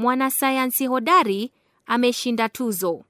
Mwanasayansi hodari ameshinda tuzo.